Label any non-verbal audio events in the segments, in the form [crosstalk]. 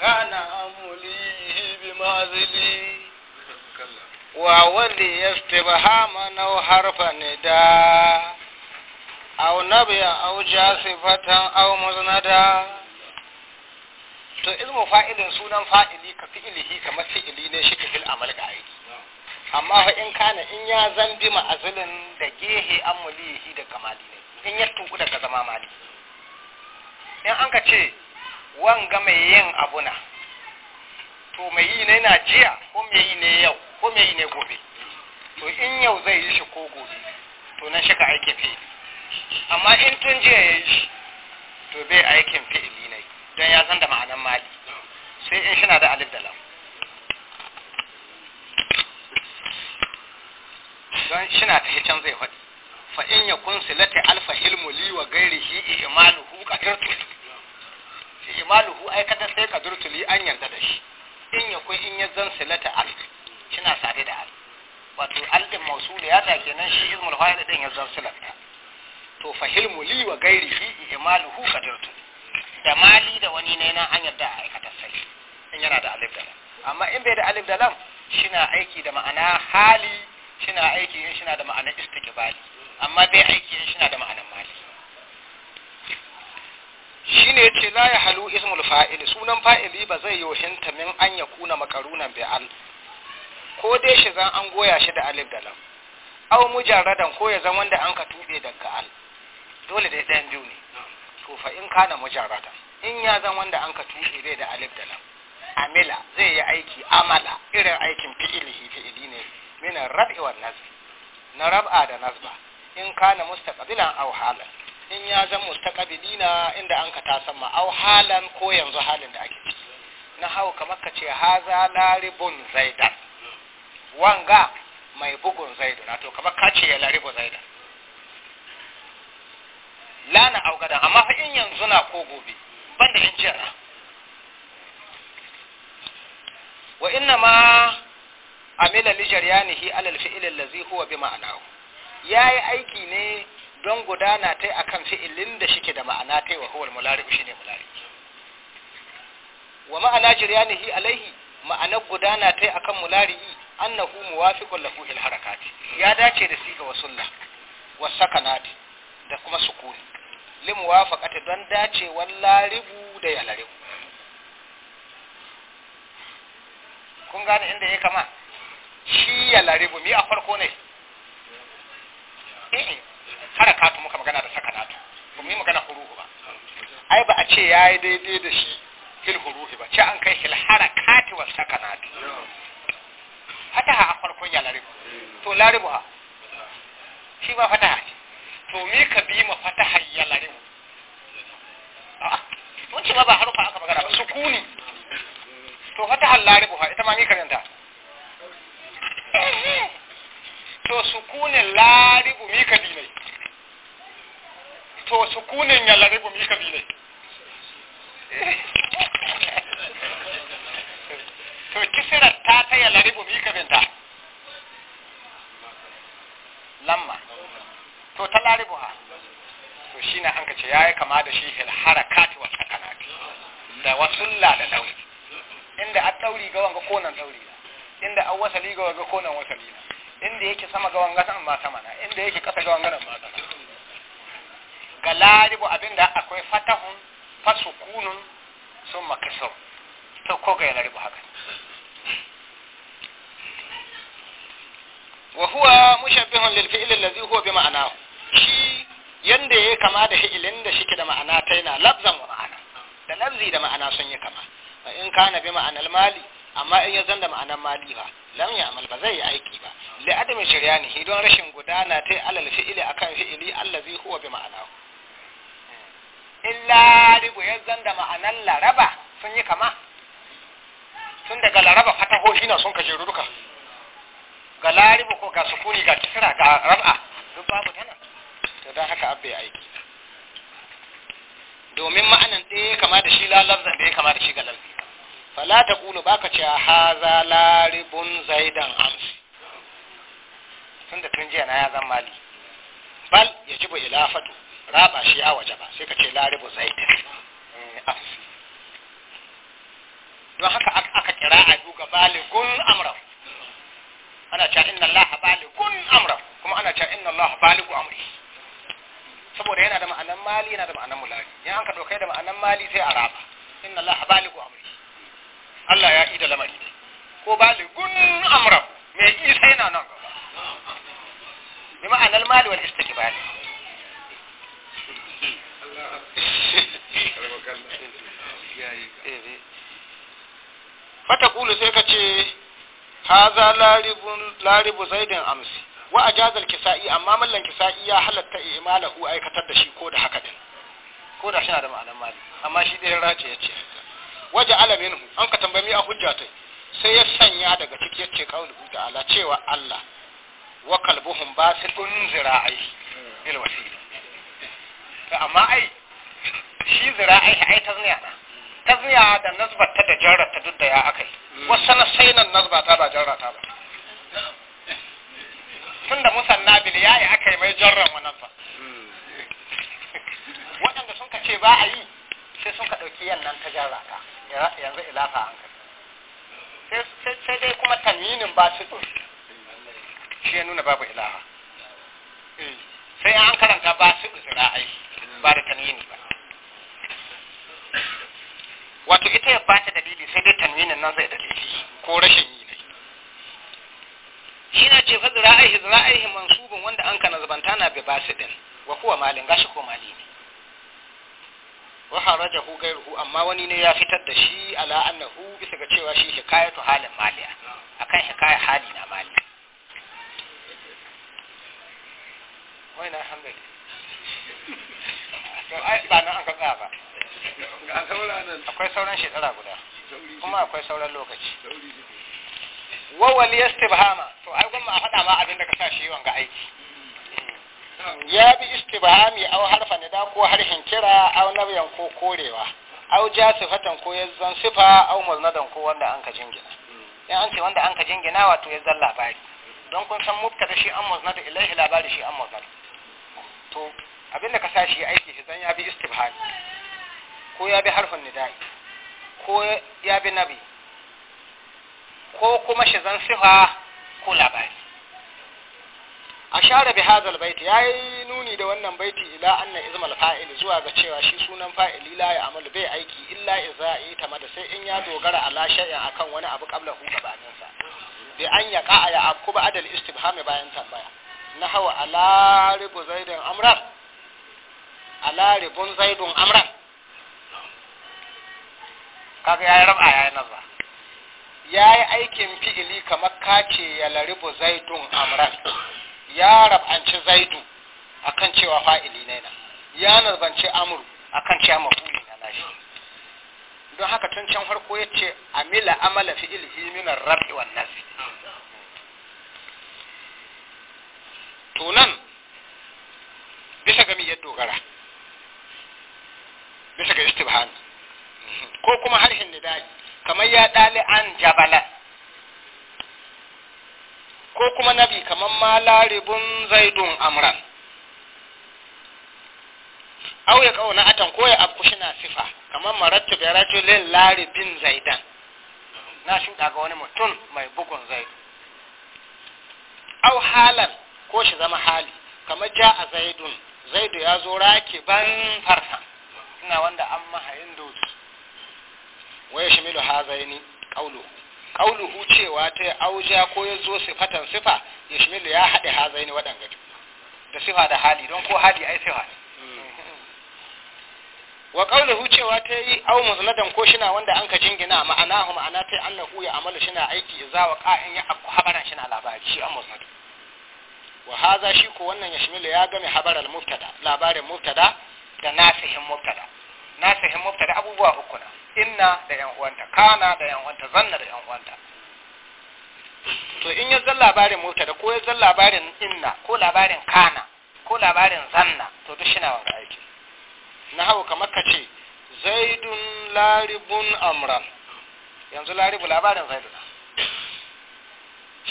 كان أمليه بماذلي [laughs] وولي يستبهام أو حرف نداء أو نبيا أو جاسفة أو مزندا to ilmu fa'ilin sunan fa'ili ka fi'ilihi kamar fi'ili ne shi ka amal ga aiki amma fa in kana in ya zan bi ma'azilin da gehe amulihi da kamali ne in ya tuku daga zama mali in an ka ce wanga mai yin abuna to mai yi ne na jiya ko mai yi ne yau ko mai yi ne gobe to in yau zai yi shi ko gobe to nan shi ka aikin fi'ili amma in tun jiya ya yi shi to bai aikin fi'ili ne don ya san da ma'anan mali sai in shina da alif dalam don shina ta hicen zai faɗi fa in ya kun silata alfa hilmu wa gairi hi ihmaluhu qadartu isti'maluhu ai kada sai ka qadrutuli an yarda da shi in ya yakun in zan silata al kina sare da al wato al din ya take nan shi ismul fa'il din zan silata to fahilmu li wa gairihi imaluhu qadartu da mali da wani ne na an yarda a aikata sai in yana da alif da lam amma in bai da alif da lam shina aiki da ma'ana hali shina aiki in shina da ma'ana istiqbali amma bai aiki in shina da ma'ana ya ce la ya halu ismul fa'ili sunan fa'ili ba zai yohinta min an ya kuna makarunan bi al ko dai shi zan an goya shi da alif da lam aw mujarradan ko ya zan wanda an ka tube daga al dole dai ɗayan biyu ne to fa in kana mujarradan in ya zan wanda an ka tube dai da alif da lam amila zai yi aiki amala irin aikin fi’ili fi'ili ne minan rab'i wan nazb na rab'a da nazba in kana mustaqbilan aw halan in ya zan mustaqabilina inda an ka ma au halan ko yanzu halin da ake ciki na hau kamar ka ce haza laribun zaida wanga mai bugun na to kamar ka ce ya laribun zaida lana au augadan amma fa in yanzu na ko gobe banda in jira wa inna ma amila li alal fi'il allazi huwa bi ma'anahu yayi aiki ne gudana ta a kan fi'ilin da shike da ma'ana ta yi wa huwal shi ne mulari'u wa ma'ana jiryanihi alaihi ma'anar gudana ta yi akan mulari'i annahu muwafiqun lahu fil harakat ya dace da siga wa sunna wa sakanat da kuma sukuni li muwafaqati don dace laribu da yalaribu kun gane inda ya kama shi yalaribu mi a farko ne harakatu muka magana da sakanatu ba mu magana huruhu ba ai ba a ce ya yi daidai da shi fil huruhi ba ce an kai fil harakati wa sakanatu fataha a farkon ya laribu to laribu ha shi ba fataha ce to me ka bi ma fataha ya laribu mun ce ma ba harufa aka magana ba sukuni to fataha laribu ha ita ma ni karanta to sukunin laribu mi ka to sukunin yallare gumi kabile to kisirar ta ta yallare gumi kabinta lamma to ta laribu ha to shi na hankace ya yi kama da shi harakati wasu sakanati da wasulla da ɗauri inda a ɗauri ga wanga konan ɗauri na inda an wasali ga wanga konan wasali na inda yake sama ga wanga sama ma sama na inda yake kasa ga wanga nan ma galibu abinda akwai fatahun fasukunun sun makasar to ko ga galibu haka Wahuwa huwa mushabbihun lil fi'l huwa bi ma'anahu shi yanda yake kama da fi'ilin da shike da ma'ana taina labzan wa ma'ana da labzi da ma'ana sun yi kama fa in kana bi ma'anar mali amma in ya zan da ma'anar mali ba lam ya amal ba zai yi aiki ba li adami ne don rashin gudana ta alal fi'ili akan fi'ili allazi huwa bi ma'anahu in laribu ya da ma'anar laraba sun yi kama tun daga laraba shi na sun kaje ruruka ga laribu ko ga sukuni ga kisira ga rab'a duk babu tana to don haka abu ya aiki domin ma'anan ɗaya kama da shi lalabzan da ya kama da shi ga lalbi fala ta kulu ba ka ce a haza laribun zaidan amsi tun da tun jiya na ya zan mali bal ya ji ila ilafatu raba shi a waje ba sai ka ce laribu zaidi afsi don haka aka kira a duka baligun amra ana cewa inna allaha baligun amra kuma ana cewa inna allaha baligu amri saboda yana da ma'anan mali yana da ma'anan mulari in an ka dauke da ma'anan mali sai a raba inna allaha baligu amri Allah ya ida lamari ko baligun amra mai isa yana nan gaba bi ma'anan mali wal istiqbali fata kulu sai ka ce za laribu zaidin amsi wa a jazar kisa'i amma mallan kisa'i ya halatta imalahu aikatar da shi ko da haka din ko da shi na da ma'anar mali amma shi ɗaya race ya ce waje alamin an ka tambami a hujja ta sai ya sanya daga ciki ya ce kawul ala cewa Allah wa su basidun zira'ai bil wasila amma ai shi zira ai ai tazniya na tazniya da nazba ta da jarrata duk da ya akai wasu na sai nan sainan nasbata ba ta ba tun da musanna bil yayi akai mai jarran wa nazba waɗanda sun ka ce ba a yi sai sun ka ɗauki yannan ta ta yanzu ilafa an kai sai dai kuma tanwinin ba su shi ya nuna babu ilaha sai an karanta ba su zira'ai ba da tanwini ba wato ita ya bata dalili sai dai tanwinin nan zai dalili ko rashin yi ne shi na ce fa zira'ihi zira'ihi mansubun wanda an kana zubanta na bi basidin wa kuwa malin gashi ko mali ne wa hu gairuhu amma wani ne ya fitar da shi ala annahu bisa ga cewa shi hikayatu halin maliya akan hikaya hali na mali wai na hankali [laughs] ba nan an ka tsaya ba akwai sauran shekara guda kuma akwai sauran lokaci wawal istibhama to ai gwamma a faɗa ma abin da ka sa shi wanga aiki hmm. ya bi istibhami au harfa da ko harhin kira au nabiyan ko korewa au su fatan ko yazzan sifa au muznadan ko wanda an ka jingina hmm. in an ce wanda an ka jingina wato yazzan labari don kun san mubtada shi an muznad ilaihi labari shi an muznad to abin da ka sa shi aiki shi zan ya bi istibhami ko ya bi harfin nidai ko ya bi nabi ko kuma shi zan sifa ko labari a share bi hazal baiti ya yi nuni da wannan baiti ila anna izmal fa'il zuwa ga cewa shi sunan fa'ili ila ya amalu bai aiki illa yi ta tamada sai in ya dogara ala shay'in akan wani abu kabla hu gabanin sa bi an ya qa'a ya abku ba adal istibhami bayan tambaya na hawa ala ribu zaidun amran ala ribun zaidun amran kaga yayi raba yayi nazba yayi aikin fi'ili kamar kace ya laribu zaidun amran ya rabanci zaidu akan cewa fa'ili ne na ya nazbanci amru akan cewa mafuli na nashi don haka tun can farko yace amila amala fi'ilihi min ar-rabi wan nazi to nan bisa ga mi ya dogara bisa ga istibhani ko kuma harshen daji kamar ya dali an jabalan ko kuma nabi kamar ma laribun zaidun amran au ya kauna atan ko ya afkushi na sifa kamar marattu bi rajulin laribin zaidan na shi ga wani mutum mai bugun zaidu au halan ko shi zama hali kamar ja a zaidun zaidu ya zo rake ban farsa ina wanda an yin doki wa yashmilu hazaini qawluhu qawluhu cewa ta auja ko ya zo sifatan sifa milu ya hade hazaini wadanga da sifa da hali don ko hali ai sifa wa qawluhu cewa ta yi au muzladan ko shina wanda ka jingina ma'anahu ma'ana ta yi an annahu ya amalu shina aiki ya za wa qa'in ya akku habaran shina labari shi an muzlad wa haza shi ko wannan yashmilu ya game habaran mubtada labarin mubtada da nasihin mubtada nasihin mubtada abubuwa uku na inna da yan uwanta kana da yan uwanta zanna da yan uwanta to in ya zan labarin da ko ya zan labarin inna ko labarin kana ko labarin zanna to duk shi na wani aiki na hau kamar ka ce zaidun laribun amran yanzu laribu labarin zaidu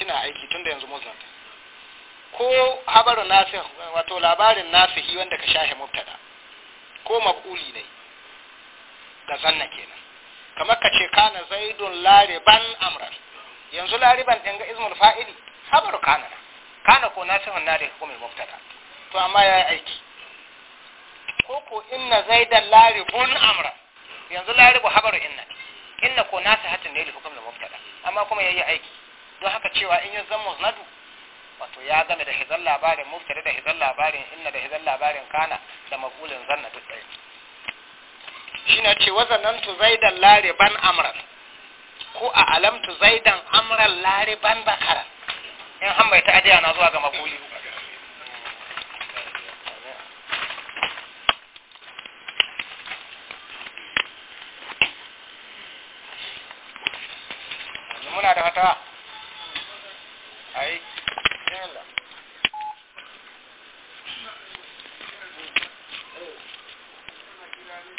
na aiki tun da yanzu muslim ko habarin nasi wato labarin nasihi wanda ka shahe mubtada ko maf'uli ne ga zanna kenan kamar ka ce kana zaidun lariban amran yanzu lariban ɗin ga ismul fa'ili habar kana kana ko nasihun na da hukumar mubtada to amma ya yi aiki ko ko inna zaidan laribun amran yanzu laribu habar inna inna ko nasihatin ne da hukumar mubtada amma kuma ya yi aiki don haka cewa in yi zan muznadu wato ya game da hizan labarin mubtada da hizan labarin inna da hizan labarin kana da maqulin zanna duk ɗaya shi na ce wazanantu zaidan lariban amran ko a alamtu zaidan amran lariban bakaran in an bai ajiya na zuwa ga makuli